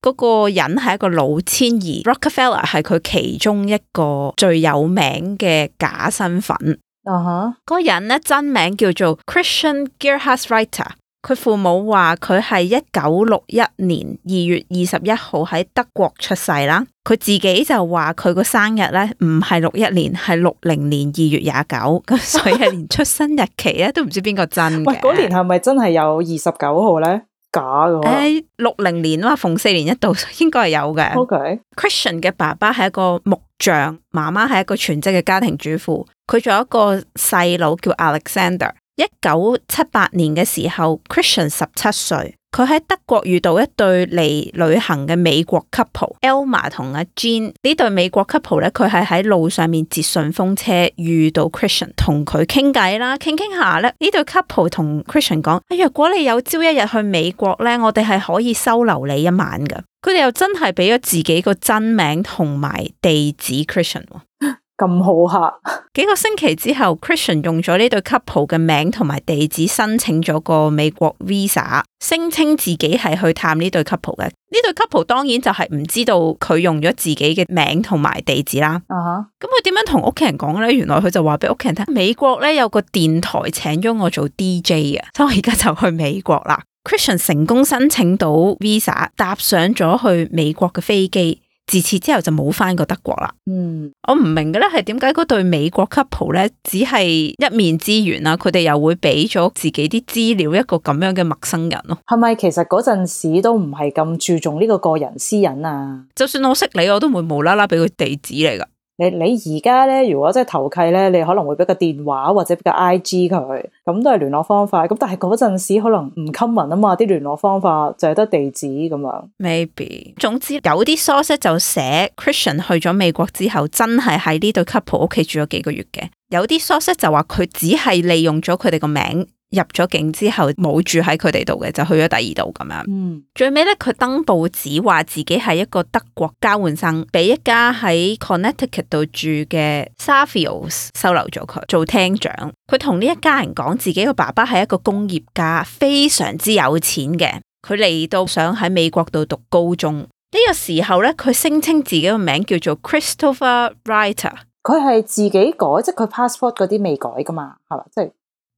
嗰個人係一個老千兒，Rockefeller 係佢其中一個最有名嘅假身份。啊哈、uh！嗰、huh. 個人咧真名叫做 Christian Gerhartsreiter，佢父母話佢係一九六一年二月二十一號喺德國出世啦。佢自己就話佢個生日咧唔係六一年，係六零年二月廿九。咁所以連出生日期咧都唔知邊個真嘅。喂，嗰 年係咪真係有二十九號咧？喺六零年啦，逢四年一度應該係有嘅。Okay. Christian 嘅爸爸係一個木匠，媽媽係一個全職嘅家庭主婦。佢仲有一個細佬叫 Alexander。一九七八年嘅時候，Christian 十七歲。佢喺德國遇到一對嚟旅行嘅美國 couple，Elma 同阿 Jean 呢對美國 couple 咧，佢係喺路上面截順風車遇到 Christian，同佢傾偈啦，傾傾下咧呢對 couple 同 Christian 講、哎：，若果你有朝一日去美國咧，我哋係可以收留你一晚㗎。佢哋又真係俾咗自己個真名同埋地址 Christian、哦。 咁好客！幾個星期之後，Christian 用咗呢對 couple 嘅名同埋地址申請咗個美國 visa，聲稱自己係去探呢對 couple 嘅。呢對 couple 當然就係唔知道佢用咗自己嘅名同埋地址啦。啊咁佢點樣同屋企人講呢？原來佢就話俾屋企人聽，美國咧有個電台請咗我做 DJ 嘅，所以我而家就去美國啦。Christian 成功申請到 visa，搭上咗去美國嘅飛機。自此之後就冇翻過德國啦。嗯，我唔明嘅咧係點解嗰對美國 couple 咧只係一面之緣呀，佢哋又會俾咗自己啲資料一個咁樣嘅陌生人咯？係咪其實嗰陣時都唔係咁注重呢個個人私隱啊？就算我識你，我都唔會無啦啦俾佢地址嚟噶。你你而家咧，如果即係投契咧，你可能會俾個電話或者俾個 I G 佢，咁都係聯絡方法。咁但係嗰陣時候可能唔 c o m 嘛，啲聯絡方法就係得地址咁樣。Maybe。總之有啲 s 息就寫 Christian 去咗美國之後，真係喺呢對 couple 屋企住咗幾個月嘅。有啲 s 息就話佢只係利用咗佢哋個名。入咗境之後冇住喺佢哋度嘅，就去咗第二度咁樣。嗯，最尾咧，佢登報紙話自己係一個德國交換生，俾一家喺 Connecticut 度住嘅 Savios 收留咗佢做廳長。佢同呢一家人講自己個爸爸係一個工業家，非常之有錢嘅。佢嚟到想喺美國度讀高中呢，呢個時候咧，佢聲稱自己個名叫做 Christopher Writer。佢係自己改，即係佢 passport 嗰啲未改噶嘛，係嘛，即係。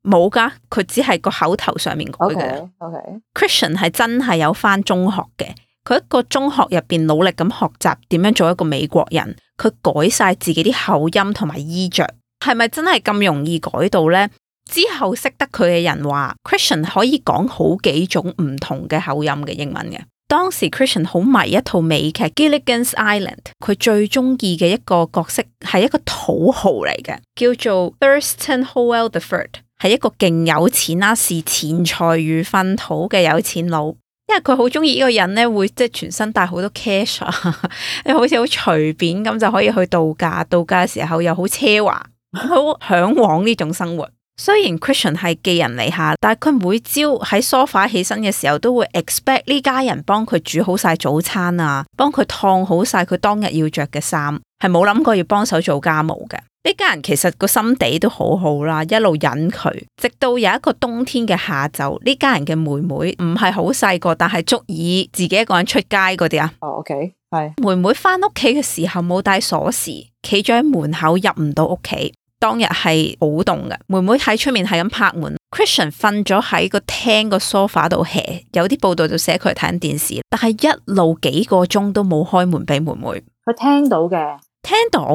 冇噶，佢只係個口頭上面講嘅。Okay, okay. Christian 係真係有翻中學嘅，佢一個中學入邊努力咁學習點樣做一個美國人，佢改晒自己啲口音同埋衣着，係咪真係咁容易改到咧？之後識得佢嘅人話，Christian 可以講好幾種唔同嘅口音嘅英文嘅。當時 Christian 好迷一套美劇《Gilligan's Island》，佢最中意嘅一個角色係一個土豪嚟嘅，叫做 Thurston Howell the Third。係一個勁有錢啦，是錢財如糞土嘅有錢佬，因為佢好中意呢個人呢，會即係全身帶多 好多 cash，好似好隨便咁就可以去度假，度假嘅時候又好奢華，好向往呢種生活。雖然 Christian 係寄人籬下，但係佢每朝喺 sofa 起身嘅時候，都會 expect 呢家人幫佢煮好晒早餐啊，幫佢燙好晒佢當日要着嘅衫，係冇諗過要幫手做家務嘅。呢家人其實個心地都好好啦，一路忍佢，直到有一個冬天嘅下晝，呢家人嘅妹妹唔係好細個，但係足以自己一個人出街嗰啲啊。哦、oh,，OK，係、yes. 妹妹翻屋企嘅時候冇帶鎖匙，企咗喺門口入唔到屋企。當日係好凍嘅，妹妹喺出面係咁拍門。Christian 瞓咗喺個廳個 sofa 度 hea，有啲報道就寫佢睇緊電視，但係一路幾個鐘都冇開門俾妹妹。佢聽到嘅，聽到。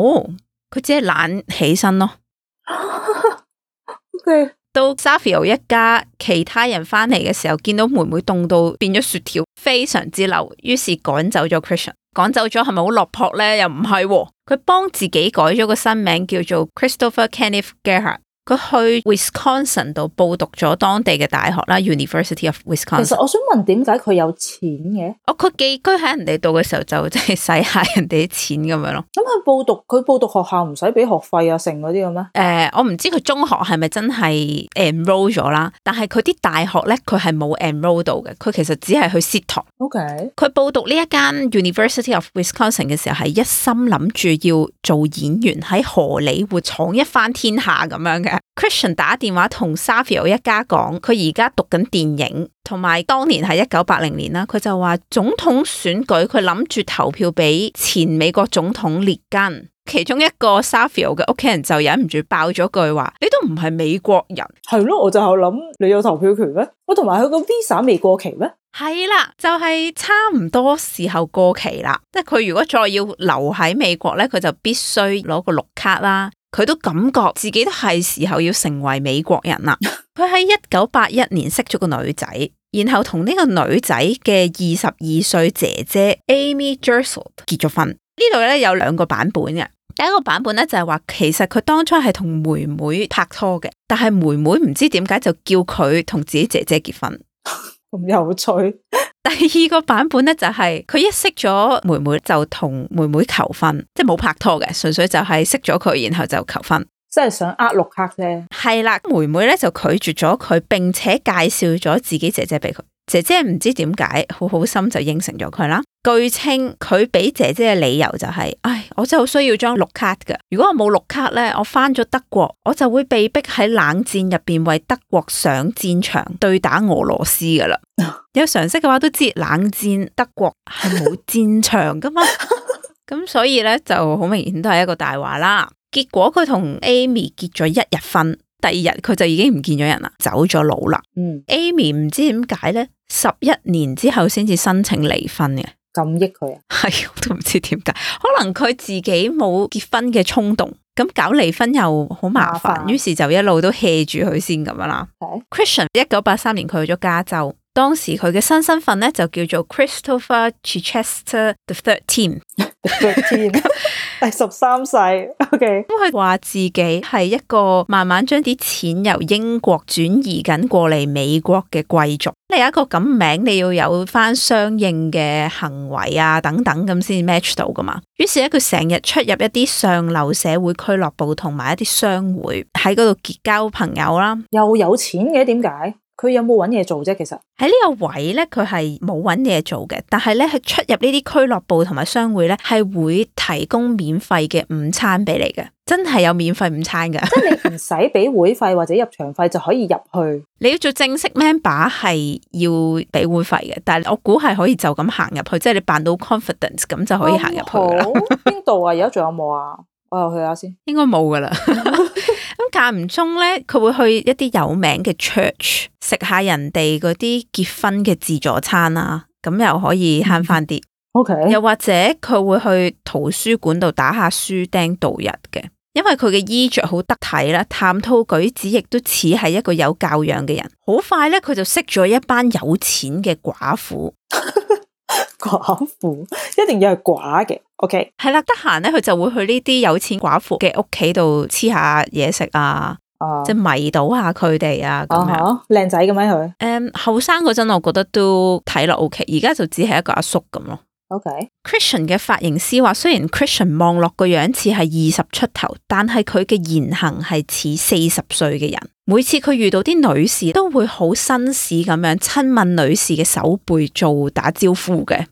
佢只係懶起身咯， Okay . 到 s a f i o 一家其他人翻嚟嘅時候，見到妹妹凍到變咗雪條，非常之嬲，於是趕走咗 Christian。趕走咗係咪好落魄呢？又唔係、哦，佢幫自己改咗個新名，叫做 Christopher Kenneth Gerhart 佢去 Wisconsin 度報讀咗當地嘅大學啦，University of Wisconsin。其實我想問，點解佢有錢嘅？我佢、哦、寄居喺人哋度嘅時候，就即係使下人哋啲錢咁樣咯。咁佢報讀佢報讀學校唔使俾學費啊，成嗰啲嘅咩？誒、呃，我唔知佢中學係咪真係 enroll 咗啦，但係佢啲大學咧，佢係冇 enroll 到嘅。佢其實只係去 sit 堂。OK。佢報讀呢一間 University of Wisconsin 嘅時候，係一心諗住要做演員喺荷里活闖一番天下咁樣嘅。Christian 打電話同 Safio 一家講，佢而家讀緊電影，同埋當年係一九八零年啦。佢就話總統選舉，佢諗住投票俾前美國總統列根。其中一個 Safio 嘅屋企人就忍唔住爆咗句話：你都唔係美國人，係咯？我就係諗你有投票權咩？我同埋佢個 Visa 未過期咩？係啦，就係、是、差唔多時候過期啦。即係佢如果再要留喺美國咧，佢就必須攞個綠卡啦。佢都感覺自己都係時候要成為美國人啦。佢喺一九八一年識咗個女仔，然後同呢個女仔嘅二十二歲姐姐 Amy Dressel 結咗婚。呢度咧有兩個版本嘅，第一個版本咧就係話其實佢當初係同妹妹拍拖嘅，但係妹妹唔知點解就叫佢同自己姐姐結婚，咁 有趣。第二個版本咧就係、是，佢一認識咗妹妹就同妹妹求婚，即冇拍拖嘅，純粹就係識咗佢然後就求婚，真係想呃綠卡啫。係啦，妹妹咧就拒絕咗佢，並且介紹咗自己姐姐俾佢。姐姐唔知點解，好好心就應承咗佢啦。據稱佢俾姐姐嘅理由就係、是，唉，我真係好需要張綠卡噶。如果我冇綠卡咧，我返咗德國，我就會被迫喺冷戰入面為德國上戰場對打俄羅斯噶啦。 有常識嘅話都知道，冷戰德國係冇戰場噶嘛，咁 所以咧就好明顯都係一個大話啦。結果佢同 Amy 結咗一日婚。第二日佢就已經唔見咗人啦，走咗佬啦。嗯，Amy 唔知點解咧，十一年之後先至申請離婚嘅，咁益佢啊？係、哎，我都唔知點解，可能佢自己冇結婚嘅衝動，咁搞離婚又好麻煩，麻煩於是就一路都 hea 住佢先咁樣啦。Okay. Christian 一九八三年佢去咗加州。當時佢嘅新身份咧，就叫做 Christopher Chichester the Thirteenth， 第十三世。O K，咁佢話自己係一個慢慢將啲錢由英國轉移緊過嚟美國嘅貴族。你有一個咁名，你要有翻相應嘅行為啊，等等咁先 match 到噶嘛。於是咧，佢成日出入一啲上流社會俱樂部同埋一啲商會，喺嗰度結交朋友啦、啊。又有錢嘅，點解？佢有冇揾嘢做啫？其實喺呢個位咧，佢係冇揾嘢做嘅。但係咧，佢出入呢啲俱樂部同埋商會咧，係會提供免費嘅午餐俾你嘅。真係有免費午餐噶，即係 你唔使俾會費或者入場費就可以入去。 你要做正式 member 係、er、要俾會費嘅，但係我估係可以就咁行入去，即係你扮到 confidence 咁就可以行入去啦。邊 度、嗯、啊？而家仲有冇啊？我又去下先，應該冇噶啦。 咁間唔中咧，佢會去一啲有名嘅 church 食下人哋嗰啲結婚嘅自助餐啦，咁又可以慳翻啲。OK，又或者佢會去圖書館度打下書釘度日嘅，因為佢嘅衣着好得體啦，談吐舉止亦都似係一個有教養嘅人。好快咧，佢就識咗一班有錢嘅寡婦。寡婦一定要係寡嘅，OK，係啦，得閒咧，佢就會去呢啲有錢寡婦嘅屋企度黐下嘢食啊，即係、uh huh. 迷倒下佢哋啊，咁樣，靚、uh huh. 仔咁咩佢？誒，後生嗰陣我覺得都睇落 OK，而家就只係一個阿叔咁咯，OK。Christian 嘅髮型師話，雖然 Christian 望落個樣似係二十出頭，但係佢嘅言行係似四十歲嘅人。每次佢遇到啲女士，都會好紳士咁樣親吻女士嘅手背做打招呼嘅。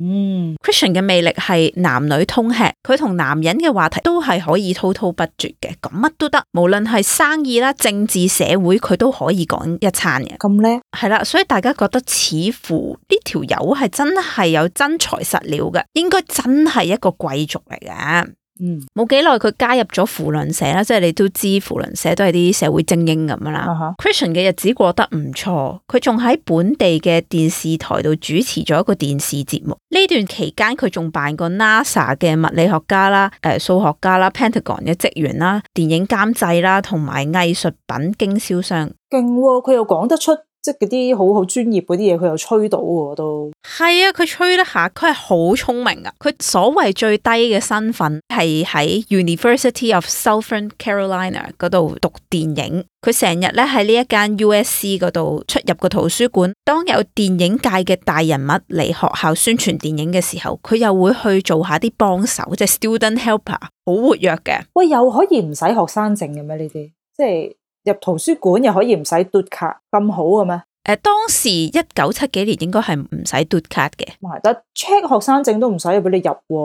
嗯、mm.，Christian 嘅魅力係男女通吃，佢同男人嘅話題都係可以滔滔不絕嘅，講乜都得，無論係生意啦、政治、社會，佢都可以講一餐嘅。咁叻？係啦，所以大家覺得似乎呢條友係真係有真材實料噶，應該真係一個貴族嚟噶。嗯，冇幾耐佢加入咗扶輪社，即係你都知，扶輪社都係啲社會精英咁啦。Uh huh. Christian 嘅日子過得唔錯，佢仲喺本地嘅電視台度主持咗一個電視節目。呢段期間佢仲扮過 NASA 嘅物理學家啦，誒數學家啦，Pentagon 嘅職員啦，電影監製啦，同埋藝術品經銷商。勁，哦，佢又講得出。即係嗰啲好好專業嗰啲嘢，佢又吹到喎，都係啊！佢吹得下，佢係好聰明啊！佢所謂最低嘅身份係喺 University of Southern Carolina 嗰度讀電影，佢成日咧喺呢一間 USC 嗰度出入個圖書館。當有電影界嘅大人物嚟學校宣傳電影嘅時候，佢又會去做下啲幫手，即係 student helper，好活躍嘅。喂，又可以唔使學生證嘅咩？呢啲即係。入圖書館又可以唔使嘟卡咁好嘅咩？誒、啊、當時一九七幾年應該係唔使嘟卡嘅，唔係得 check 學生證都唔使，又俾你入。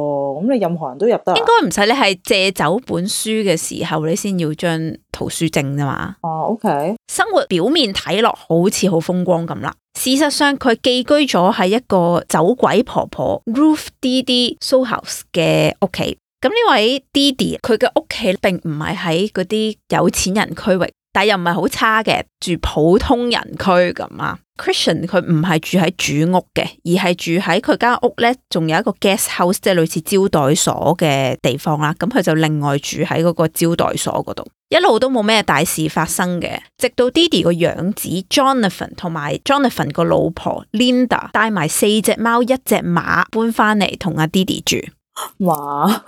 咁你任何人都入得。應該唔使你係借走本書嘅時候，你先要將圖書證啫嘛。哦、啊、OK。生活表面睇落好似好風光咁啦，事實上佢寄居咗喺一個酒鬼婆婆 Ruth Didi So House 嘅屋企。咁呢位 Didi 佢嘅屋企並唔係喺嗰啲有錢人區域。但又唔係好差嘅住普通人區咁啊。Christian 佢唔係住喺主屋嘅，而係住喺佢間屋咧，仲有一個 guest house，即係類似招待所嘅地方啦。咁佢就另外住喺嗰個招待所嗰度，一路都冇咩大事發生嘅，直到 Diddy 個養子 Jonathan 同埋 Jonathan 個老婆 Linda 帶埋四隻貓、一隻馬搬翻嚟同阿 Diddy 住嘛。哇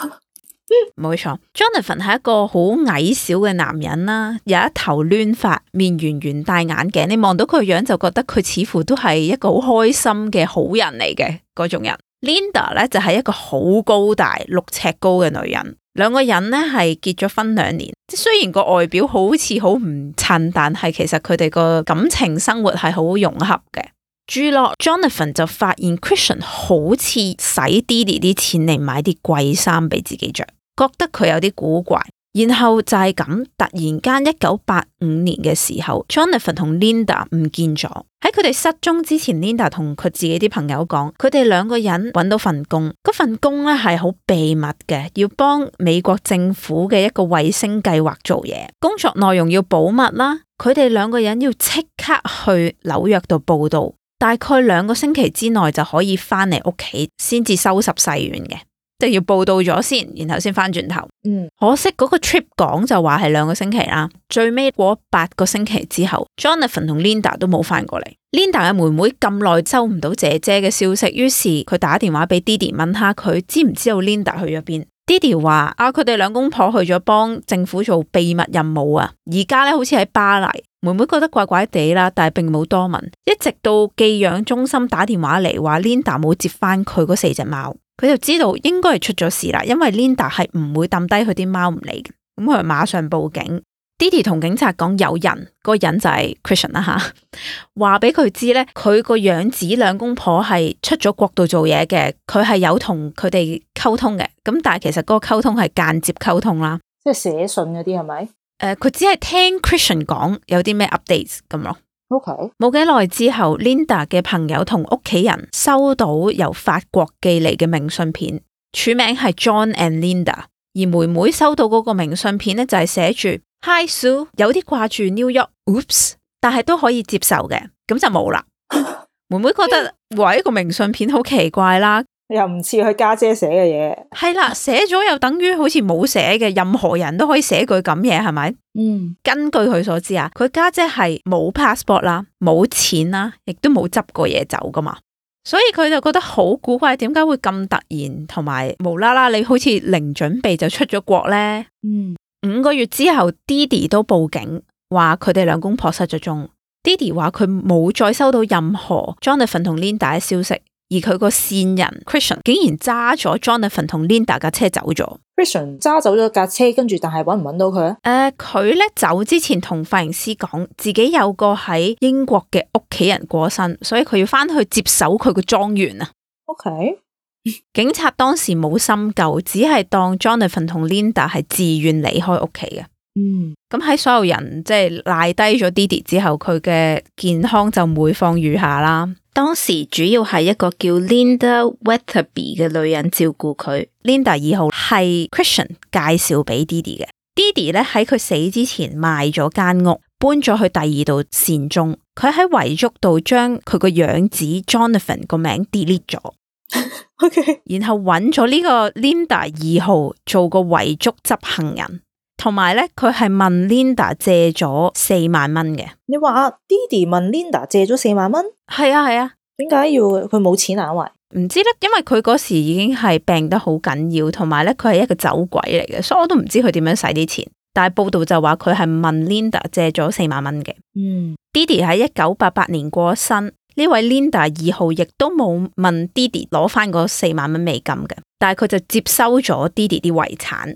冇錯，Jonathan 係一個好矮小嘅男人啦，有一頭亂髮，面圓圓，戴眼鏡，你望到佢嘅樣就覺得佢似乎都係一個好開心嘅好人嚟嘅嗰種人。Linda 咧就係、是、一個好高大六尺高嘅女人，兩個人呢係結咗婚兩年，即雖然個外表好似好唔襯，但係其實佢哋個感情生活係好融洽嘅。朱諾 Jonathan 就發現 Christian 好似使啲啲啲錢嚟買啲貴衫俾自己着。覺得佢有啲古怪，然後就係咁，突然間一九八五年嘅時候，Jonathan 同 Linda 唔見咗。喺佢哋失蹤之前，Linda 同佢自己啲朋友講，佢哋兩個人搵到份工，嗰份工呢係好秘密嘅，要幫美國政府嘅一個衛星計劃做嘢，工作內容要保密啦。佢哋兩個人要即刻去紐約度報到，大概兩個星期之內就可以翻嚟屋企，先至收拾細軟嘅。就要報道咗先，然後先翻轉頭。嗯，可惜嗰個 trip 講就話係兩個星期啦，最尾過八個星期之後，Jonathan 同 Linda 都冇翻過嚟。Linda 嘅妹妹咁耐收唔到姐姐嘅消息，於是佢打電話俾 Diddy 問下佢知唔知道 Linda 去咗邊。Diddy 話佢哋兩公婆去咗幫政府做秘密任務啊，而家呢好似喺巴黎。妹妹覺得怪怪地啦，但係並冇多問，一直到寄養中心打電話嚟話 Linda 冇接翻佢嗰四隻貓。佢就知道應該係出咗事啦，因為 Linda 係唔會抌低佢啲貓唔理嘅，咁佢馬上報警。Ditty 同警察講有人，個人就係 Christian 啦、啊、吓，話俾佢知咧，佢個養子兩公婆係出咗國度做嘢嘅，佢係有同佢哋溝通嘅，咁但係其實嗰個溝通係間接溝通啦，即係寫信嗰啲係咪？誒，佢、呃、只係聽 Christian 講有啲咩 updates 咁咯。OK，冇幾耐之後，Linda 嘅朋友同屋企人收到由法國寄嚟嘅明信片，署名係 John and Linda。而妹妹收到嗰個明信片咧，就係寫住 Hi Sue，有啲掛住 New York，Oops，但係都可以接受嘅，咁就冇啦。 妹妹覺得哇，這個明信片好奇怪啦。又唔似佢家姐寫嘅嘢，係啦，寫 咗又等於好似冇寫嘅，任何人都可以寫句咁嘢，係咪？嗯，根據佢所知啊，佢家姐係冇 passport 啦，冇錢啦，亦都冇執過嘢走噶嘛，所以佢就覺得好古怪，點解會咁突然同埋無啦啦？你好似零準備就出咗國呢。嗯，五個月之後、嗯、，Didi 都報警話佢哋兩公婆失咗蹤。Didi 話佢冇再收到任何 Jonathan 同 Linda 嘅消息。而佢個線人 Christian 竟然揸咗 Jonathan 同 Linda 架車走咗。Christian 揸走咗架車，跟住但係揾唔揾到佢啊？誒、呃，佢咧走之前同髮型師講，自己有個喺英國嘅屋企人過身，所以佢要翻去接手佢個莊園啊。OK，警察當時冇深究，只係當 Jonathan 同 Linda 係自願離開屋企嘅。嗯，咁喺所有人即係、就是、賴低咗 Diddy 之後，佢嘅健康就每況愈下啦。當時主要係一個叫 Linda Weatherby 嘅女人照顧佢。 Linda 二號係 Christian 介紹俾 Diddy 嘅。Diddy 咧喺佢死之前賣咗間屋，搬咗去第二度善終。佢喺遺囑度將佢個養子 Jonathan 個名 delete 咗。 OK，然後揾咗呢個 Linda 二號做個遺囑執行人。同埋咧，佢係問 Linda 借咗四萬蚊嘅。你話 Diddy 問 Linda 借咗四萬蚊？係啊係啊。點解、啊、要佢冇錢啊？因為唔知咧，因為佢嗰時已經係病得好緊要，同埋咧佢係一個走鬼嚟嘅，所以我都唔知佢點樣使啲錢。但係報道就話佢係問 Linda 借咗四萬蚊嘅。嗯，Diddy 喺一九八八年過咗身，呢位 Linda 二號亦都冇問 Diddy 攞翻嗰四萬蚊美金嘅，但係佢就接收咗 Diddy 啲遺產。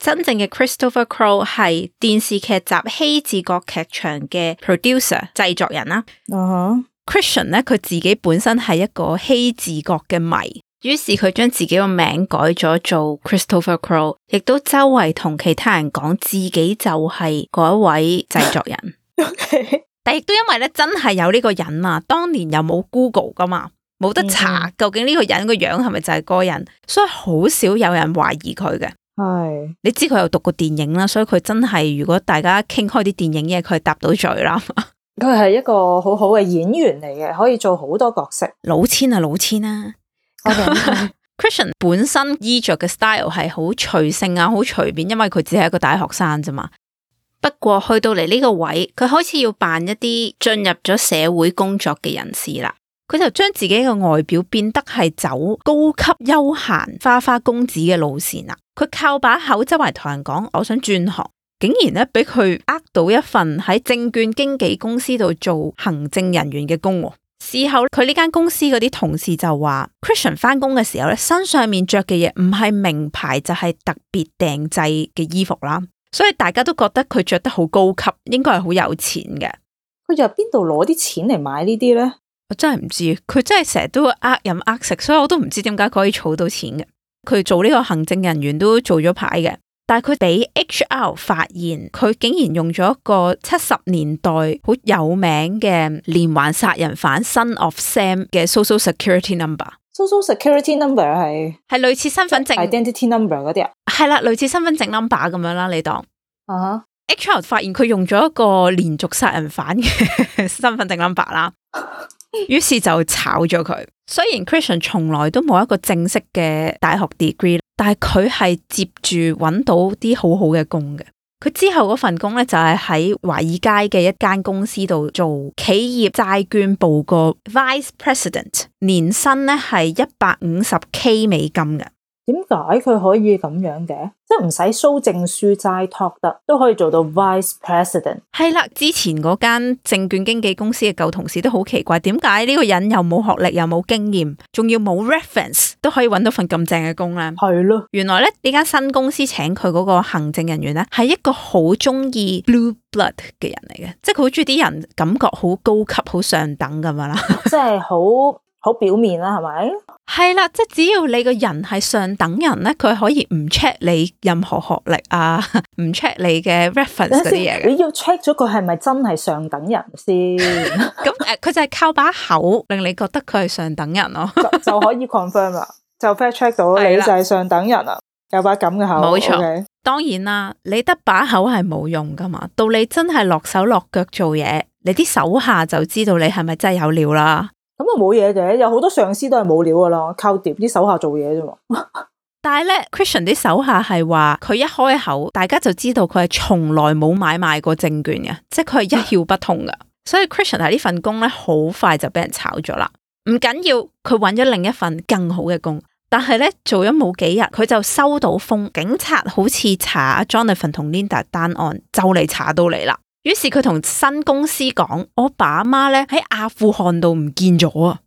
真正嘅 Christopher Crow 係電視劇集《希治閣劇場》嘅 producer 製作人啦、啊。Christian 咧，佢、huh. 自己本身係一個希治閣嘅迷，於是佢將自己個名改咗做 Christopher Crow，亦都周圍同其他人講自己就係嗰一位製作人。 Okay. 但亦都因為咧，真係有呢個人啊，當年又冇 Google 噶嘛，冇得查究竟呢個人個樣係咪就係個人，mm hmm. 所以好少有人懷疑佢嘅。係，你知佢又讀過電影啦，所以佢真係如果大家傾開啲電影嘢，佢答到嘴啦。佢 係一個好好嘅演員嚟嘅，可以做好多角色。老千啊，老千啊，老千啦！Christian 本身衣着嘅 style 係好隨性啊，好隨便，因為佢只係一個大學生啫嘛。不過去到嚟呢個位，佢開始要扮一啲進入咗社會工作嘅人士啦。.佢就將自己嘅外表變得係走高級休閒花花公子嘅路線啊，佢靠把口周圍同人講，我想轉行，竟然咧俾佢呃到一份喺證券經紀公司度做行政人員嘅工。事後佢呢間公司嗰啲同事就話，Christian 翻工嘅時候咧，身上面着嘅嘢唔係名牌就係、是、特別訂製嘅衣服啦，所以大家都覺得佢着得好高級，應該係好有錢嘅。佢由邊度攞啲錢嚟買呢啲呢？我真係唔知，佢真係成日都呃飲呃食，所以我都唔知點解可以儲到錢嘅。佢做呢個行政人員都做咗牌嘅，但係佢俾 HR 發現，佢竟然用咗一個七十年代好有名嘅連環殺人犯 Son of Sam 嘅 Social Security Number。Social Security Number 係係類似身份證 Identity Number 嗰啲啊？係啦，類似身份證 number 咁樣啦，你當啊、uh huh.？HR 發現佢用咗一個連續殺人犯嘅 身份證 number 啦。 於是就炒咗佢。雖然 Christian 從來都冇一個正式嘅大學 degree，但係佢係接住揾到啲好好嘅工嘅。佢之後嗰份工咧，就係喺華爾街嘅一間公司度做企業債券部個 vice president，年薪咧，係一百五十 k 美金嘅。點解佢可以咁樣嘅？即係唔使蘇證書齋 talk 得都可以做到 vice president。係啦，之前嗰間證券經紀公司嘅舊同事都好奇怪，點解呢個人又冇學歷，又冇經驗，仲要冇 reference 都可以揾到份咁正嘅工呢？係咯了，原來咧呢間新公司請佢嗰個行政人員呢，係一個好中意 blue blood 嘅人嚟嘅，即係佢好中意啲人感覺好高級、好上等咁樣啦， 即係好。好表面啦，啊，係咪？係啦，即係只要你個人係上等人咧，佢可以唔 check 你任何學歷啊，唔 check 你嘅 reference 嗰啲嘢嘅。你要 check 咗佢係咪真係上等人先？咁誒， 佢、呃、就係靠把口令你覺得佢係上等人咯、啊， 就可以 confirm 啦，就 fact check 到你就係上等人啦，的有把咁嘅口。冇錯錯，okay 當然啦，你得把口係冇用噶嘛，到你真係落手落腳做嘢，你啲手下就知道你係咪真係有料啦。咁啊冇嘢嘅，有好多上司都係冇料噶啦，靠掂啲手下做嘢啫嘛。但係咧，Christian 啲手下係話佢一開口，大家就知道佢係從來冇買賣過證券嘅，即係佢係一竅不通噶。所以 Christian 喺呢份工咧，好快就俾人炒咗啦。唔緊要，佢揾咗另一份更好嘅工，但係咧做咗冇幾日，佢就收到風警察，好似查 Jonathan 同 Linda 單案，就嚟查到你啦。於是佢同新公司講：我阿爸阿媽咧，喺阿富汗度唔見咗啊！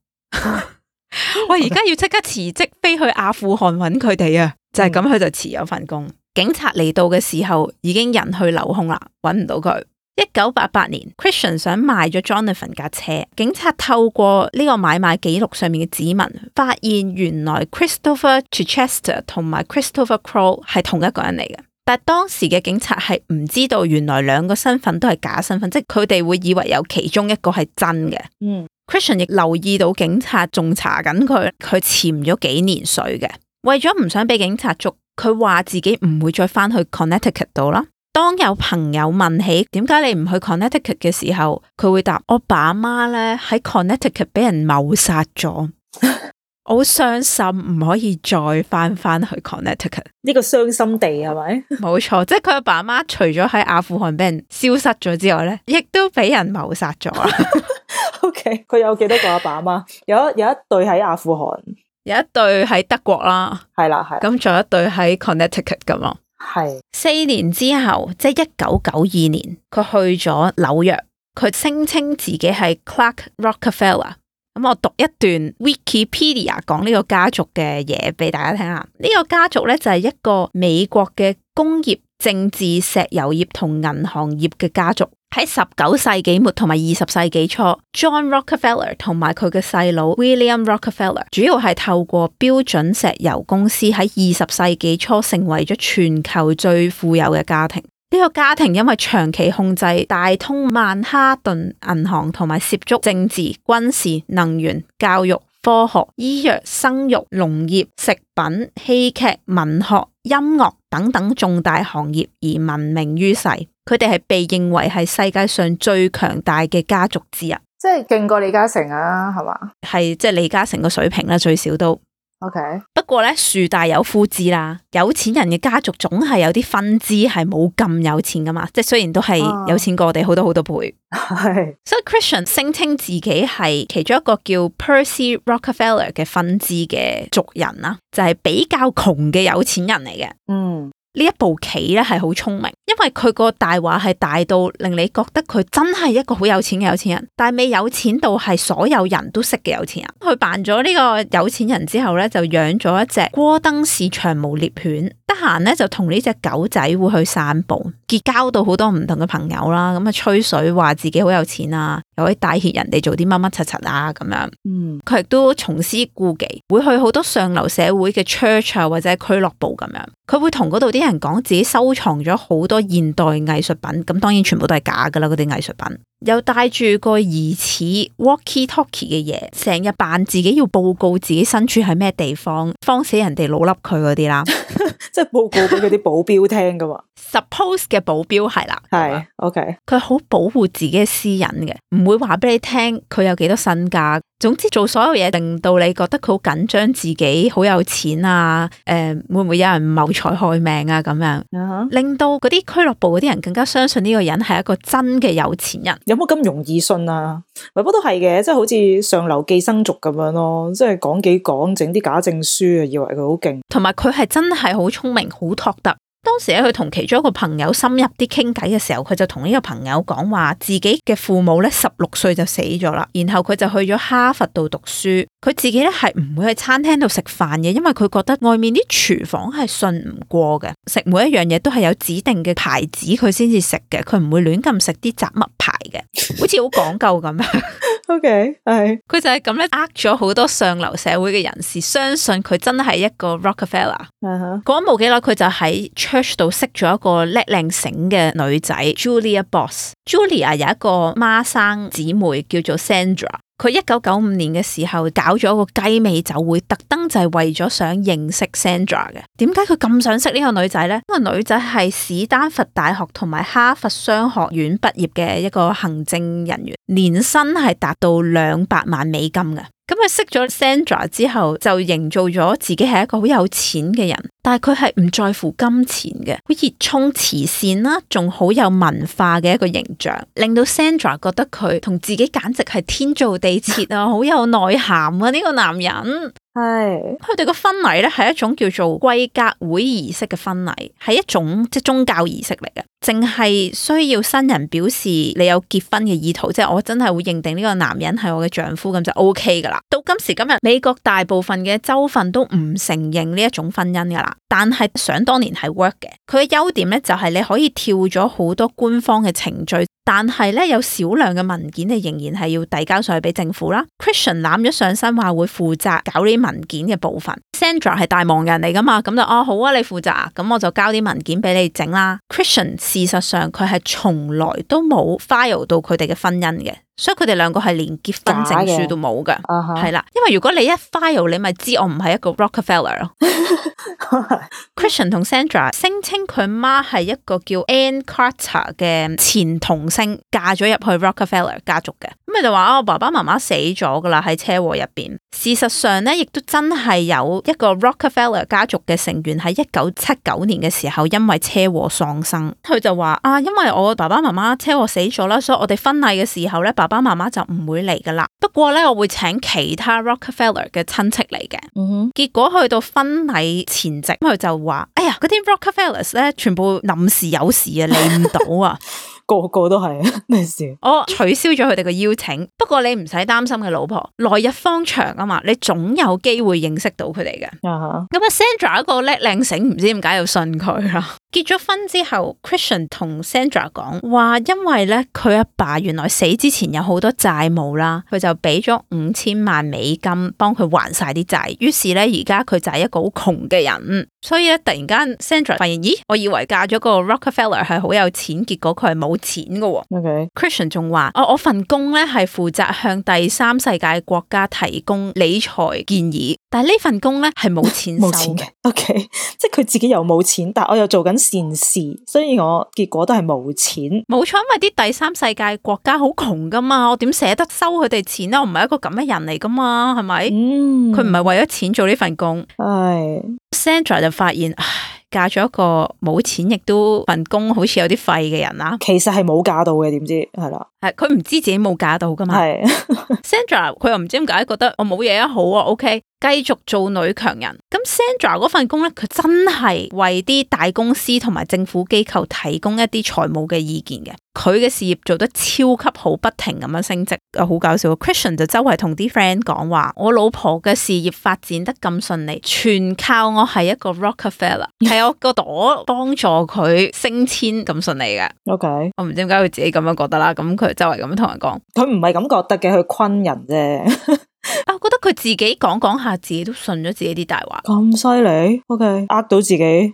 我而家要即刻辭職，飛去阿富汗揾佢哋啊！就係咁，佢就辭咗份工。警察嚟到嘅時候，已經人去樓空啦，揾唔到佢。一九八八年，Christian 想賣咗 Jonathan 架車，警察透過呢個買賣記錄上面嘅指紋，發現原來 Christopher Chichester 同埋 Christopher Crowe 係、e、同一個人嚟嘅。但係當時嘅警察係唔知道原來兩個身份都係假身份，即係佢哋會以為有其中一個係真嘅。嗯，Christian 亦留意到警察仲查緊佢，佢潛咗幾年水嘅，為咗唔想俾警察捉，佢話自己唔會再返去 Connecticut 度啦。當有朋友問起點解你唔去 Connecticut 嘅時候，佢會答：我爸媽咧喺 Connecticut 俾人謀殺咗。我好傷心，唔可以再翻翻去 Connecticut 呢個傷心地係咪？冇錯， 即係佢阿爸阿媽除咗喺阿富汗俾人消失咗之外咧，亦都俾人謀殺咗啊！OK，佢有幾多個阿爸阿媽？有有一對喺阿富汗，有一對喺德國啦，係啦係。咁仲有一對喺 Connecticut 咁咯。係四年之後，即係一九九二年，佢去咗紐約，佢聲稱自己係 Clark Rockefeller。咁我讀一段 Wikipedia 講呢個家族嘅嘢俾大家聽下。呢、這個家族咧就係、是、一個美國嘅工業、政治、石油業同銀行業嘅家族。喺十九世紀末同埋二十世紀初，John Rockefeller 同埋佢嘅細佬 William Rockefeller 主要係透過標準石油公司喺二十世紀初成為咗全球最富有嘅家庭。呢個家庭因為長期控制大通曼哈頓銀行，同埋涉足政治、軍事、能源、教育、科學、醫藥、生育、農業、食品、戲劇、文學、音樂等等重大行業而聞名於世。佢哋係被認為係世界上最強大嘅家族之一，啊，即係勁過李嘉誠啊，係咪？係即係李嘉誠個水平啦，最少都。O.K. 不過咧，樹大有枯枝啦，有錢人嘅家族總係有啲分支係冇咁有錢㗎嘛，即係雖然都係有錢過我哋好多好多倍。係，所以 Christian 聲稱自己係其中一個叫 Percy Rockefeller 嘅分支嘅族人啦，就係、是、比較窮嘅有錢人嚟嘅。嗯，呢一步棋咧係好聰明。因為佢個大話係大到令你覺得佢真係一個好有錢嘅有錢人，但係未有錢到係所有人都識嘅有錢人。佢扮咗呢個有錢人之後呢，就養咗一隻戈登氏長毛獵犬，得閒呢就同呢隻狗仔會去散步，結交到好多唔同嘅朋友啦。咁啊吹水話自己好有錢啊，又可以帶挈人哋做啲乜乜柒柒啊咁樣。嗯，佢亦都重施故技，會去好多上流社會嘅 church 啊或者俱樂部咁樣。佢會同嗰度啲人講自己收藏咗好多現代藝術品，咁當然全部都係假噶啦，嗰啲藝術品。又戴住個疑似 walkie-talkie 嘅嘢，成日扮自己要報告自己身處喺咩地方，防死人哋老笠佢嗰啲啦， 即係報告俾佢啲保鏢聽噶嘛。 Suppose 嘅保鏢係啦，係 OK，佢好保護自己嘅私隱嘅，唔會話俾你聽佢有幾多身家。總之做所有嘢，令到你覺得佢好緊張，自己好有錢啊，誒、呃，會唔會有人謀財害命啊？咁樣，uh huh. 令到嗰啲俱樂部嗰啲人更加相信呢個人係一個真嘅有錢人。Uh huh. 有冇咁容易信啊？不過都係嘅，即係好似上流寄生族咁樣咯，即係講幾講，整啲假證書，以為佢好勁，同埋佢係真係好聰明，好托特。當時咧，佢同其中一個朋友深入啲傾偈嘅時候，佢就同呢個朋友講話，自己嘅父母咧十六歲就死咗啦，然後佢就去咗哈佛度讀書。佢自己咧係唔會喺餐廳度食飯嘅，因為佢覺得外面啲廚房係信唔過嘅，食每一樣嘢都係有指定嘅牌子，佢先至食嘅，佢唔會亂咁食啲雜物牌嘅，好似好講究咁樣。 O K，係佢就係咁咧，呃咗好多上流社會嘅人士，相信佢真係一個 Rockefeller。過咗冇幾耐，佢、uh huh. 就喺 church 度識咗一個叻靚醒嘅女仔 Julia Boss。Julia 有一個孖生姊妹叫做 Sandra。佢一九九五年嘅時候搞咗個雞尾酒會，特登就係為咗想認識 Sandra 嘅。點解佢咁想認識呢個女仔呢？呢、呢個女仔係史丹佛大學同埋哈佛商學院畢業嘅一個行政人員，年薪係達到兩百萬美金嘅。咁佢識咗 Sandra 之後，就營造咗自己係一個好有錢嘅人，但係佢係唔在乎金錢嘅，好熱衷慈善啦、啊，仲好有文化嘅一個形象，令到 Sandra 覺得佢同自己簡直係天造地設啊，好有內涵啊，呢、這個男人。係，佢哋個婚禮咧係一種叫做貴格會儀式嘅婚禮，係一種即係、就是、宗教儀式嚟嘅，淨係需要新人表示你有結婚嘅意圖，即、就、係、是、我真係會認定呢個男人係我嘅丈夫，咁就 OK 噶啦。到今時今日，美國大部分嘅州份都唔承認呢一種婚姻噶啦，但係想當年係 work 嘅。佢嘅優點咧就係你可以跳咗好多官方嘅程序。但係咧，有少量嘅文件你仍然係要遞交上去俾政府啦。Christian 攬咗上身，話會負責搞呢文件嘅部分。Sandra 係大忙人嚟噶嘛，咁就哦好啊，你負責，咁、嗯、我就交啲文件俾你整啦。Christian 事實上佢係從來都冇 file 到佢哋嘅婚姻嘅。所以佢哋兩個係連結婚證書都冇嘅，係啦，因為如果你一 file，你咪知我唔係一個 Rockefeller 咯。Christian 同 Sandra 聲稱佢媽係一個叫 Ann Carter 嘅前童星嫁咗入去 Rockefeller 家族嘅。咁就話，我爸爸媽媽死咗噶啦喺車禍入邊。事實上咧，亦都真係有一個 Rockefeller 家族嘅成員喺一九七九年嘅時候因為車禍喪生。佢就話，啊，因為我爸爸媽媽車禍死咗啦，所以我哋婚禮嘅時候咧，爸爸媽媽就唔會嚟噶啦不過咧，我會請其他 Rockefeller 嘅親戚嚟嘅。嗯哼，結果去到婚禮前夕，佢就話，哎 呀，嗰啲 Rockefeller 咧，全部臨時有事啊，嚟唔到啊！個個都係啊！咩事？我，oh, 取消咗佢哋嘅邀請。 不過你唔使擔心，佢老婆，來日方長啊嘛，你總有機會認識到佢哋嘅。咁啊 Sandra 一個叻靚醒，唔知點解又信佢啦。 結咗婚之後，Christian 同 Sandra 講話，因為咧佢阿爸原來死之前有好多債務啦，佢就俾咗五千萬美金幫佢還晒啲債，於是咧而家佢就係一個好窮嘅人。所以咧突然間 Sandra 發現，咦，我以為嫁咗個 Rockefeller，er，係好有錢，結果佢係冇錢噶，哦。Okay. Christian 仲話，哦，我份工咧係負責向第三世界國家提供理財建議。但係呢份工咧係冇錢收嘅，O K，即係佢自己又冇錢，但係我又做緊善事，所以我結果都係冇錢。冇錯，因為啲第三世界國家好窮噶嘛，我點捨得收佢哋錢呀？我唔係一個咁嘅人嚟噶嘛，係咪？嗯，佢唔係為咗錢做呢份工。唉，Sandra 就發現嫁咗一個冇錢亦都份工好，好似有啲廢嘅人啦。其實係冇嫁到嘅，點知係啦？係佢唔知自己冇嫁到噶嘛？係 Sandra 佢又唔知點解覺得我冇嘢，啊，好啊，O K。繼續做女強人，咁 Sandra 嗰份工咧，佢真係為啲大公司同埋政府機構提供一啲財務嘅意見嘅。佢嘅事業做得超級好，不停咁樣升職，好搞笑。Christian 就周圍同啲 friend 講話：我老婆嘅事業發展得咁順利，全靠我係一個 Rockefeller，係 我個朵幫助佢升遷咁順利嘅。OK，我唔知點解佢自己咁樣覺得啦。咁佢周圍咁樣同人講，佢唔係咁覺得嘅，佢坤人啫。 啊！ 我覺得佢自己講講下，自己都信咗自己啲大話，咁犀利，OK，呃到自己。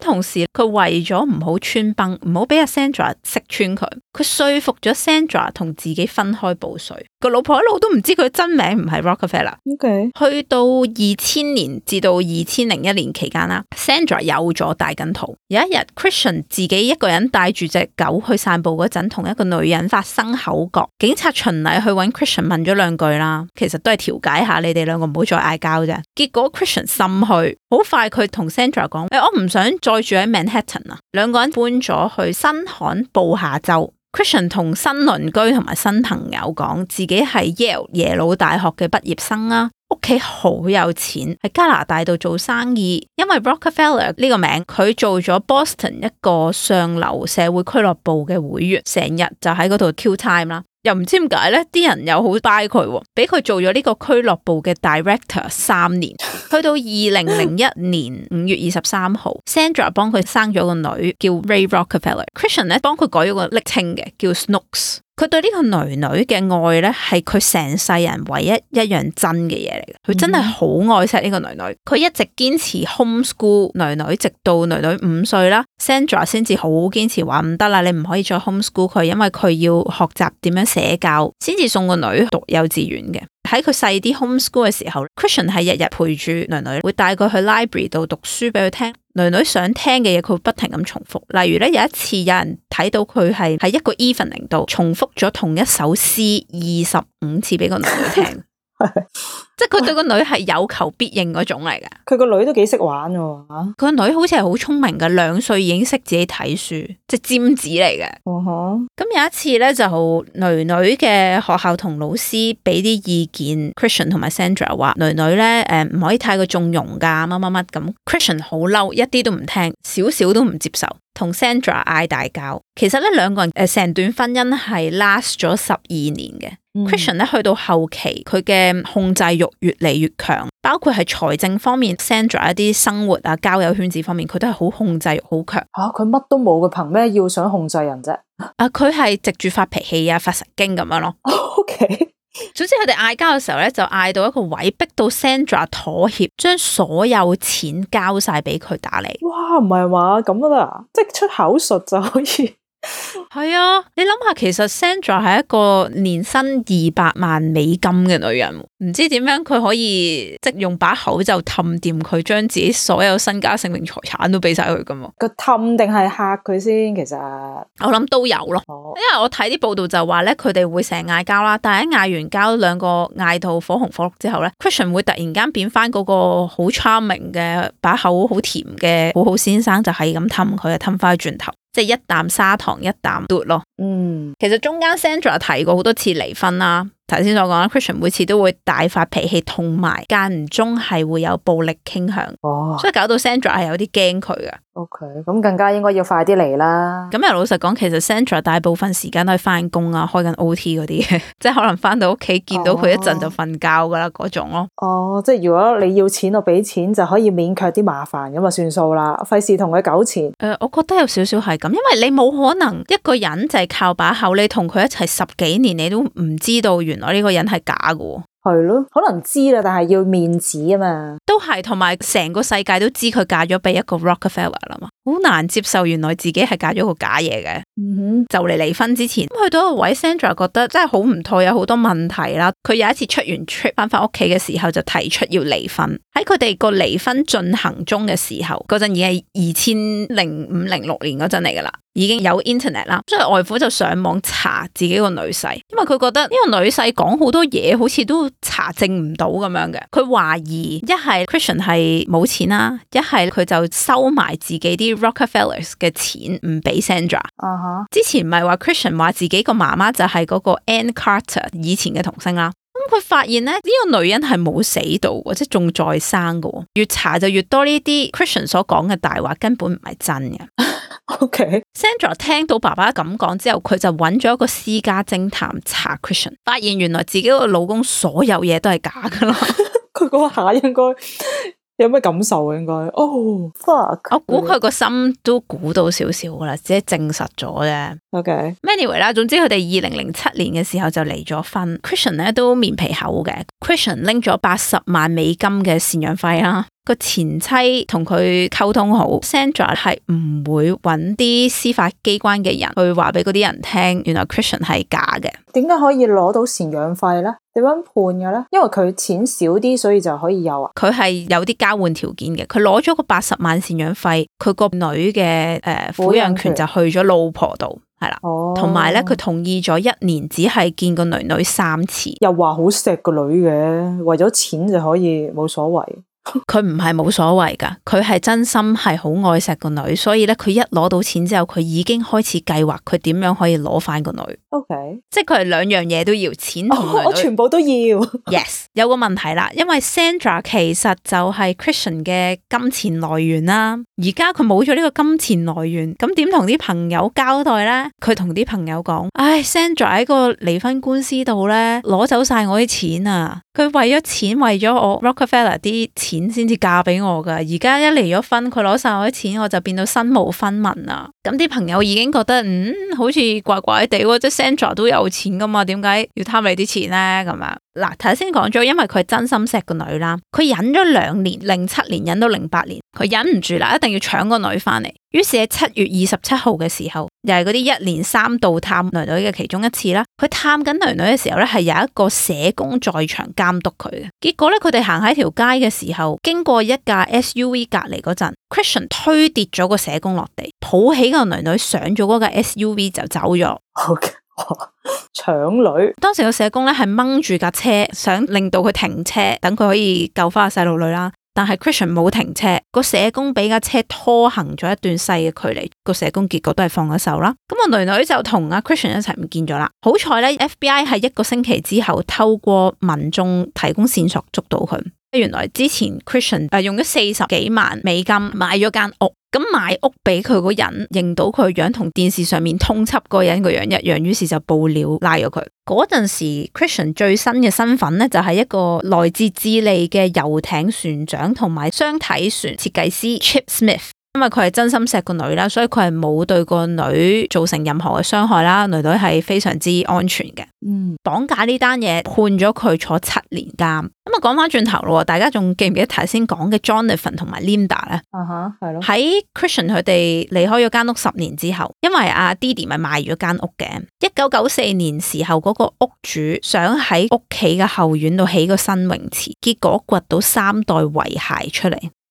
同時佢為咗唔好穿崩，唔好俾阿 Sandra 識穿佢，佢說服咗 Sandra 同自己分開報稅。個老婆一路都唔知佢真名、er，唔係 Rockefeller。O K，去到二千年至到二千零一年期間啦，Sandra 有咗大緊桃。有一日，Christian 自己一個人帶住隻狗去散步嗰陣，同一個女人發生口角。警察循例去揾 Christian 問咗兩句啦，其實都係調解下你哋兩個唔好再嗌交啫。結果 Christian 心虛，好快佢同 Sandra 講：，誒、欸，我唔想。想再住喺 Manhattan 啊，兩個人搬咗去新罕布夏州。Christian 同新鄰居同埋新朋友講，自己係 Yale 耶魯大學嘅畢業生啦、啊，屋企好有錢，喺加拿大度做生意。因為 Rockefeller、er、呢個名，佢做咗 Boston 一個上流社會俱樂部嘅會員，成日就喺嗰度 Q time 啦。又唔知點解咧？啲人又好拜佢，俾佢做咗呢個俱樂部嘅 director 三年。 去到二零零一年五月二十三號，Sandra 幫佢生咗個女叫 Ray Rockefeller。Christian 咧，幫佢改咗個昵稱嘅叫 Snooks。佢對呢個女女嘅愛咧，係佢成世人唯一一樣真嘅嘢嚟嘅。佢真係好愛錫呢個女女，佢一直堅持 homeschool 女女直到女女五歲啦，Sandra 先至好堅持話唔得啦，你唔可以再 homeschool 佢，因為佢要學習點樣社交，先至送個女讀幼稚園嘅。喺佢細啲 homeschool 嘅時候，Christian 係日日陪住囡囡，會帶佢去 library 度讀書俾佢聽。囡囡想聽嘅嘢，佢會不停咁重複。例如呢，有一次有人睇到佢係喺一個 evening 度重複咗同一首詩二十五次俾個囡囡聽。 即係佢對個女係有求必應嗰種嚟嘅，佢個女都幾識玩，佢個女好似係好聰明嘅，兩歲已經識自己睇書，即係尖子嚟嘅。咁 有一次咧，就囡囡嘅學校同老師俾啲意見，Christian 同埋 Sandra 話囡囡咧，誒唔可以太過縱容噶，乜乜乜咁。Christian 好嬲，一啲都唔聽，少少都唔接受。同 Sandra 嗌大交，其實咧兩個人誒成、呃、段婚姻係 last 咗十二年嘅。嗯、Christian 咧去到後期，佢嘅控制欲越嚟越強，包括係財政方面、Sandra 一啲生活啊、交友圈子方面，佢都係好控制欲好強。吓、啊，佢乜都冇嘅，憑咩要想控制人啫？ 啊，佢係藉住發脾氣啊、發神經咁樣咯。O K。總之佢哋嗌交嘅時候呢，就嗌到一個位，逼到 Sandra 妥協，將所有錢交晒俾佢打理。哇，唔係話咁啦，即係出口術就可以。係 啊，你諗下，其實 Sandra 係一個年薪二百萬美金嘅女人，唔知點樣佢可以即用口哄哄把口就氹掂佢，將自己所有身家、性命、財產都俾晒佢噶嘛？個氹定係嚇佢先？其實我諗都有咯，好因為我睇啲報道就話咧，佢哋會成日嗌交啦，但係喺嗌完交，兩個嗌到火紅火綠之後咧 ，Christian 會突然間變翻嗰個好 charming 嘅把口好甜嘅好好先生就，就係咁氹佢，氹翻轉頭。即係一啖砂糖一啖 do 咯嗯， 其實中間 Sandra 提過好多次離婚啦。頭先所講啦，Christian 每次都會大發脾氣，同埋間唔中係會有暴力傾向，哦，所以搞到 Sandra 係有啲驚佢噶。O K，咁更加應該要快啲嚟啦。咁又、嗯、老實講，其實 Sandra 大部分時間都係翻工啊，開緊 O T 嗰啲嘅， 即係可能翻到屋企見到佢一陣就瞓覺噶啦嗰種咯、啊。哦，即係如果你要錢我俾錢就可以勉強啲麻煩，咁啊算數啦，費事同佢糾纏。誒、呃，我覺得有少少係咁，因為你冇可能一個人就係靠把口，你同佢一齊十幾年，你都唔知道原。原來呢個人係假嘅，係咯，可能知啦，但係要面子啊嘛，都係，同埋成個世界都知佢嫁咗俾一個 Rockefeller 啦嘛，好難接受，原來自己係嫁咗個假嘢嘅。嗯哼，就嚟離婚之前咁去到一個位 Sandra 覺得真係好唔妥，有好多問題啦。佢有一次出完 trip 翻返屋企嘅時候，就提出要離婚。喺佢哋個離婚進行中嘅時候，嗰陣已係二千零五零六年嗰陣嚟噶啦。已經有 internet 啦，所以外父就上網查自己個女婿，因為佢覺得呢個女婿講好多嘢，好似都查證唔到咁樣嘅。佢懷疑一係 Christian 係冇錢啦，一係佢就收埋自己啲 Rockefellers 嘅錢，唔俾 Sandra。Uh huh. 之前唔係話 Christian 話自己個媽媽就係嗰個 Ann Carter 以前嘅童星啦。咁佢發現咧呢、呢個女人係冇死到，或者仲在生噶。越查就越多呢啲 Christian 所講嘅大話，根本唔係真嘅。 OK，Sandra 聽到爸爸咁講之後，佢就揾咗一個私家偵探查 Christian，發現原來自己個老公所有嘢都係假噶啦。佢嗰下應該有咩感受啊？應該哦、oh, fuck, 我估佢個心都估到少少噶啦，只係證實咗啫。OK，Anyway 啦，總之佢哋二零零七年嘅時候就離咗婚。Christian 咧都面皮厚嘅，Christian 拎咗八十萬美金嘅贍養費啦。個前妻同佢溝通好，Sandra 係唔會揾啲司法機關嘅人去話俾嗰啲人聽，原來 Christian 係假嘅。點解可以攞到贍養費呢？點樣判嘅咧？因為佢錢少啲，所以就可以有啊。佢係有啲交換條件嘅。佢攞咗個八十萬贍養費，佢個女嘅誒撫養權就去咗老婆度係啦。哦，同埋咧，佢同意咗一年只係見個女女三次。又話好錫個女嘅，為咗錢就可以冇所謂。佢唔係冇所謂噶，佢係真心係好愛錫個女，所以咧佢一攞到錢之後，佢已經開始計劃佢點樣可以攞翻個女。OK，即係佢係兩樣嘢都要錢都要、oh, 我全部都要。Yes，有個問題啦，因為 Sandra 其實就係 Christian 嘅金錢來源啦，而家佢冇咗呢個金錢來源，咁點同啲朋友交代呢？佢同啲朋友講：唉，Sandra 喺個離婚官司度呢，攞走晒我啲錢啊！佢為咗錢，為咗我 Rockefeller 啲錢先至嫁俾我噶。而家一離咗婚，佢攞晒我啲錢，我就變到身無分文啦。咁啲朋友已經覺得，嗯，好似怪怪地喎。即係 Sandra 都有錢噶嘛，點解要貪你啲錢呢？咁啊？嗱，頭先講咗，因為佢真心錫個女啦，佢忍咗兩年，零七年忍到零八年，佢忍唔住啦，一定要搶個女翻嚟。於是喺七月二十七號嘅時候，又係嗰啲一年三度探女女嘅其中一次啦。佢探緊女女嘅時候咧，係有一個社工在場監督佢嘅。結果咧，佢哋行喺條街嘅時候，經過一架 SUV 隔離嗰陣，Christian 推跌咗個社工落地，抱起個女女上咗嗰架 SUV 就走咗。Okay. 搶女，當時個社工咧係掹住架車，想令到佢停車，等佢可以救翻個細路女啦。但係 Christian 冇停車，個社工俾架車拖行咗一段細嘅距離，個社工結果都係放咗手啦。咁個女女就同阿 Christian 一齊唔見咗啦。好彩咧，FBI 係一個星期之後透過民眾提供線索捉到佢。原來之前 Christian 用咗四十幾萬美金買咗間屋，咁買屋俾佢嗰人認到佢樣同電視上面通緝嗰人個樣一樣，於是就報料拉咗佢。嗰陣時，Christian 最新嘅身份咧就係一個來自智利嘅遊艇船長同埋雙體船設計師 Chip Smith。因為佢係真心錫個女啦，所以佢係冇對個女造成任何嘅傷害啦，女女係非常之安全嘅，嗯。嗯，綁架呢單嘢判咗佢坐七年監。咁啊，講翻轉頭咯，大家仲記唔記得頭先講嘅 Jonathan 同埋 Linda 咧？啊哈，係咯。喺 Christian 佢哋離開咗間屋十年之後，因為阿 Diddy 咪賣咗間屋嘅。一九九四年時候，嗰個屋主想喺屋企嘅後院度起個新泳池，結果掘到三代遺骸出嚟。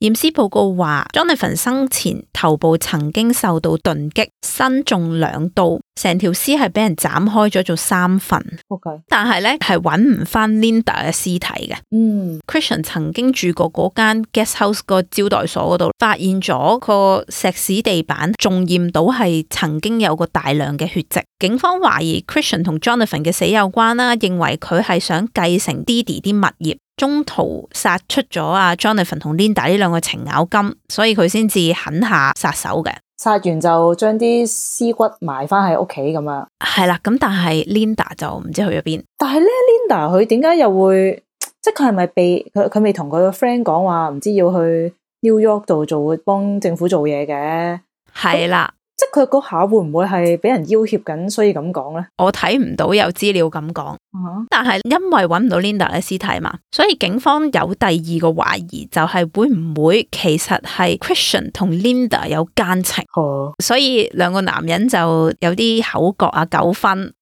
驗屍報告話，Jonathan 生前頭部曾經受到鈍擊，身中兩刀，成條屍係俾人斬開咗做三份。Okay. 但係呢，係搵唔翻 Linda 嘅屍體嘅。嗯，Christian 曾經住過嗰間 guest house 個招待所嗰度，發現咗個石屎地板，重驗到係曾經有過大量嘅血跡。警方懷疑 Christian 同 Jonathan 嘅死有關啦，認為佢係想繼承 Didi 啲物業。中途殺出咗啊 Jonathan 同 Linda 呢兩個程咬金，所以佢先至狠下殺手嘅。殺完就將啲屍骨埋返喺屋企咁樣。係啦，咁但係 Linda 就唔知去咗邊。但係咧，Linda 佢點解又會？即係佢係咪被佢佢未同佢個 friend 講話？唔知要去 New York 度做幫政府做嘢嘅？係啦了。 即係佢嗰下會唔會係俾人要挾緊，所以咁講咧？我睇唔到有資料咁講，uh huh. 但係因為揾唔到 Linda 嘅屍體嘛，所以警方有第二個懷疑，就係會唔會其實係 Christian 同 Linda 有奸情，uh huh. 所以兩個男人就有啲口角啊、糾紛。糾紛。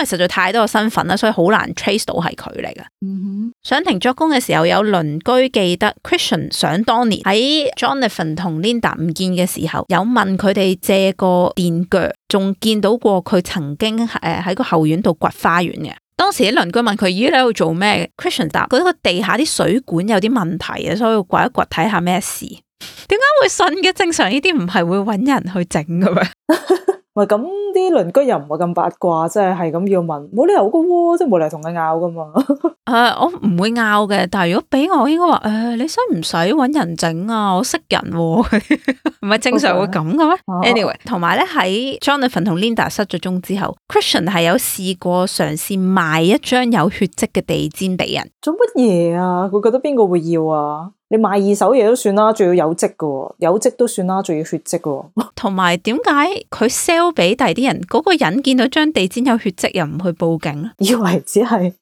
因為實在太多個身份啦，所以好難 trace 到係佢嚟噶。嗯哼、mm，hmm. 上庭作供嘅時候，有鄰居記得 Christian 想當年喺 Jonathan 同 Linda 唔見嘅時候，有問佢哋借個電鋸，仲見到過佢曾經誒喺、呃、個後院度掘花園嘅。當時啲鄰居問佢咦、呃，你喺度做咩？Christian 答：覺得個地下啲水管有啲問題啊，所以掘一掘睇下咩事。點解 會信嘅？正常呢啲唔係會揾人去整嘅咩？ 唔係咁啲鄰居又唔係咁八卦，即係係咁要問，冇理由噶喎、啊，即係無理由同佢拗噶嘛。誒、uh,，我唔會拗嘅，但係如果俾我應該話，誒，你想唔使搵人整啊？我識人、啊，唔係正常會咁嘅咩？anyway，同埋咧、uh、喺、huh. Jonathan 同 Linda 失咗蹤之後，Christian 係有試過嘗試賣一張有血跡嘅地氈俾人，做乜嘢啊？佢覺得邊個會要啊？你賣二手嘢都算啦，仲要有跡嘅喎，有迹都算啦，仲要血跡嘅喎。同埋點解佢 sell 俾第啲人嗰個人見到張地氈有血迹又唔去報警？以為只係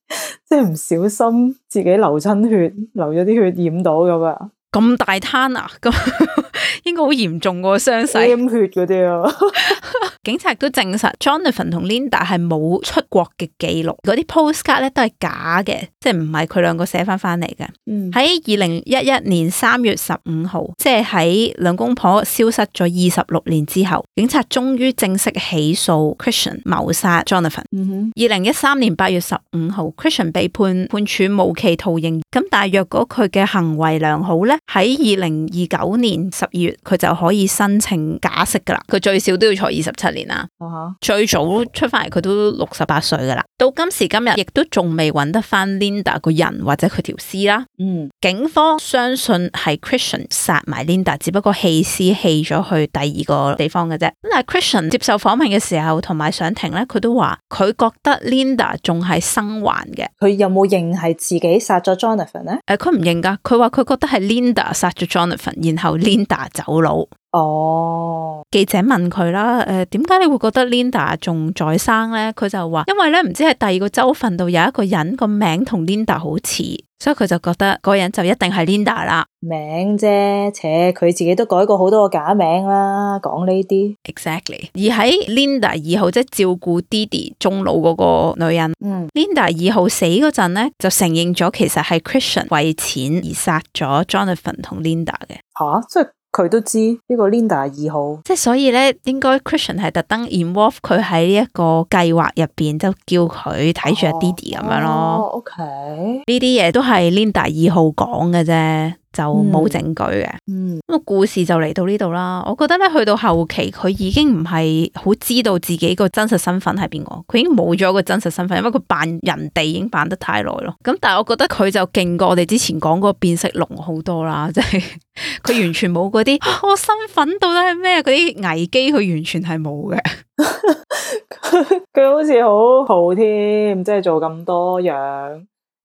即係唔小心自己流親血，流咗啲血染到咁啊！咁大攤啊！咁應該好嚴重個傷勢，染血嗰啲啊！警察都證實 Jonathan 同 Linda 係冇出國嘅記錄，嗰啲 postcard 咧，都係假嘅，即係唔係佢兩個寫翻翻嚟嘅。嗯，喺二零一一年三月十五號，即係喺兩公婆消失咗二十六年之後，警察終於正式起訴 Christian 謀殺 Jonathan。二零一三年八月十五號，Christian 被判判處無期徒刑。咁大約如果佢嘅行為良好咧，喺二零二九年十二月，佢就可以申請假釋㗎啦。佢最少都要坐二十七年。最早出翻嚟佢都六十八歲噶啦，到今時今日亦都仲未揾得翻 Linda 個人或者佢條屍啦。嗯，警方相信係 Christian 殺埋 Linda，只不過棄屍棄咗去第二個地方嘅啫。但係 Christian 接受訪問嘅時候同埋上庭咧，佢都話佢覺得 Linda 仲係生還嘅。佢有冇認係自己殺咗 Jonathan 咧？誒、呃，佢唔認噶，佢話佢覺得係 Linda 殺咗 Jonathan，然後 Linda 走佬。哦，oh. 記者問佢啦，誒、呃，點解你會覺得 Linda 仲在生呢？佢就話，因為咧唔知係第二個州份度有一個人個名同 Linda 好似，所以佢就覺得嗰人就一定係 Linda 啦。名啫，且佢自己都改過好多個假名啦，講呢啲。Exactly，而喺 Linda 二號即係、就是、照顧 Didi 中老嗰個女人、mm.，Linda 二號死嗰陣咧，就承認咗其實係 Christian 為錢而殺咗 Jonathan 同 Linda 嘅。吓、huh?，即係。佢都知呢個 Linda 二號，即係所以咧，應該 Christian 係特登 involve 佢喺呢一個計劃入邊，就叫佢睇住阿 Didi 咁樣咯。Oh, OK，呢啲嘢都係 Linda 二號講嘅啫。就冇證據嘅，咁，嗯嗯、個故事就嚟到呢度啦。我覺得咧，去到後期佢已經唔係好知道自己個真實身份係邊個，佢已經冇咗個真實身份，因為佢扮人哋已經扮得太耐咯。咁但係我覺得佢就勁過我哋之前講個變色龍好多啦，即係佢完全冇嗰啲我身份到底係咩，嗰啲危機佢完全係冇嘅。佢 好似好好添，即係做咁多樣。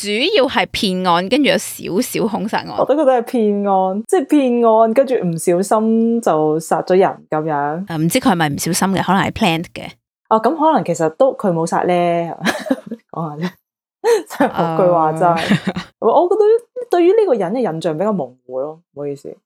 主要係騙案，跟住有少少兇殺案，我都覺得係騙案，即係騙案，跟住唔小心就殺咗人咁樣。嗯，唔知佢係咪唔小心嘅，可能係 planned 嘅。哦，咁可能其實都佢冇殺咧，講下啫，真係冇句話真。我覺得對於呢個人嘅印象比較模糊咯，唔好意思。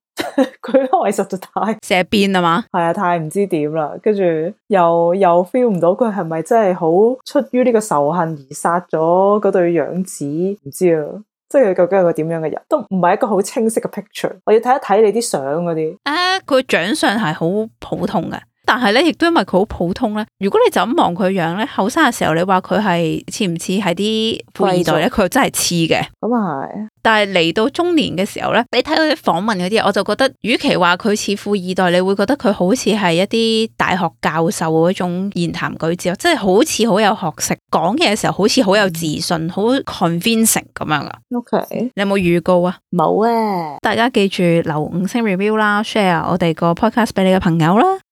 佢係實在太蛇邊啊嘛，係啊，太唔知點啦，跟住又又 feel 唔到佢係咪真係好出於呢個仇恨而殺咗嗰對養子，唔知啊。即係佢究竟係個點樣嘅人，都唔係一個好清晰嘅 picture，我要睇一睇你啲相嗰啲。誒、啊，佢長相係好普通嘅。但係咧，亦都因為佢好普通咧。如果你就咁望佢樣咧，後生嘅時候你話佢係似唔似係啲富二代咧？佢又族真係似嘅。咁啊係。但係嚟到中年嘅時候咧，你睇佢啲訪問嗰啲，我就覺得，與其話佢似富二代，你會覺得佢好似係一啲大學教授嗰種言談舉止，即係好似好有學識，講嘢嘅時候好似好有自信，好 confident 咁樣噶。OK。你有冇預告啊？冇啊。大家記住留五星 review 啦，share 我哋個 podcast 俾你嘅朋友啦。